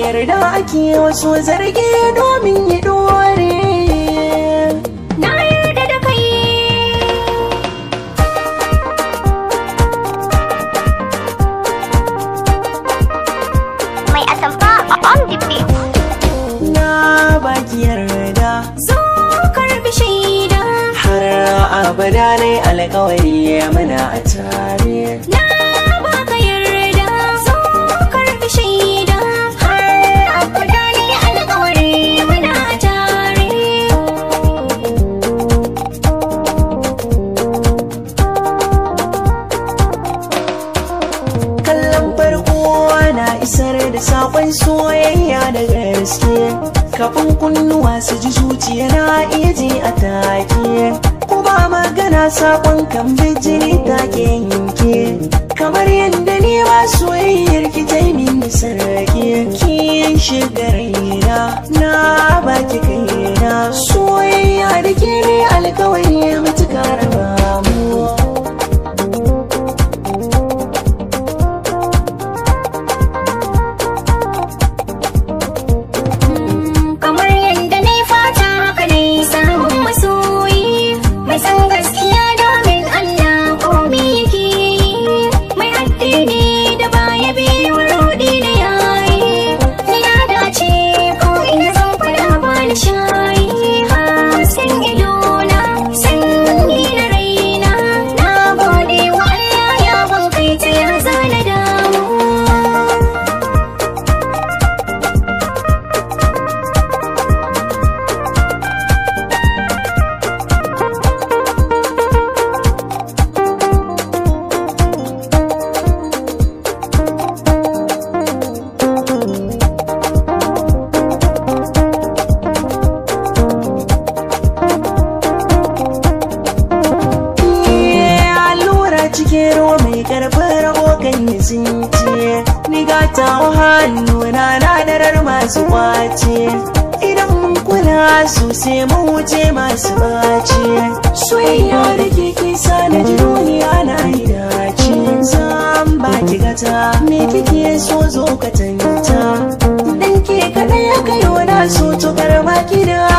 yarda ake wasu zarge domin ya dore na yarda da kai mai on the beat yarda zo karbi shaida har abada ne alkawari ya mana a tare na baka yarda zo karbi shaida har abada ne alkawari ya mana a tare kallon farko na isar da sakon soyayya daga gaske kafin kunnuwa su ji zuciya na iya ji a take kuma magana sakon kan ta ke yanke kamar yadda ne ba soyayyar ki ta yi mini sarki kin shiga na baki ka tsince ni gata hannu na nadarar masu kwace idan mun su sosai mu wuce masu bace soyayya da ke kisa na ji duniya na hidace zan ba ki gata me kike so zo ka tanta dan ke kaɗai ya kai wani so to karma ki da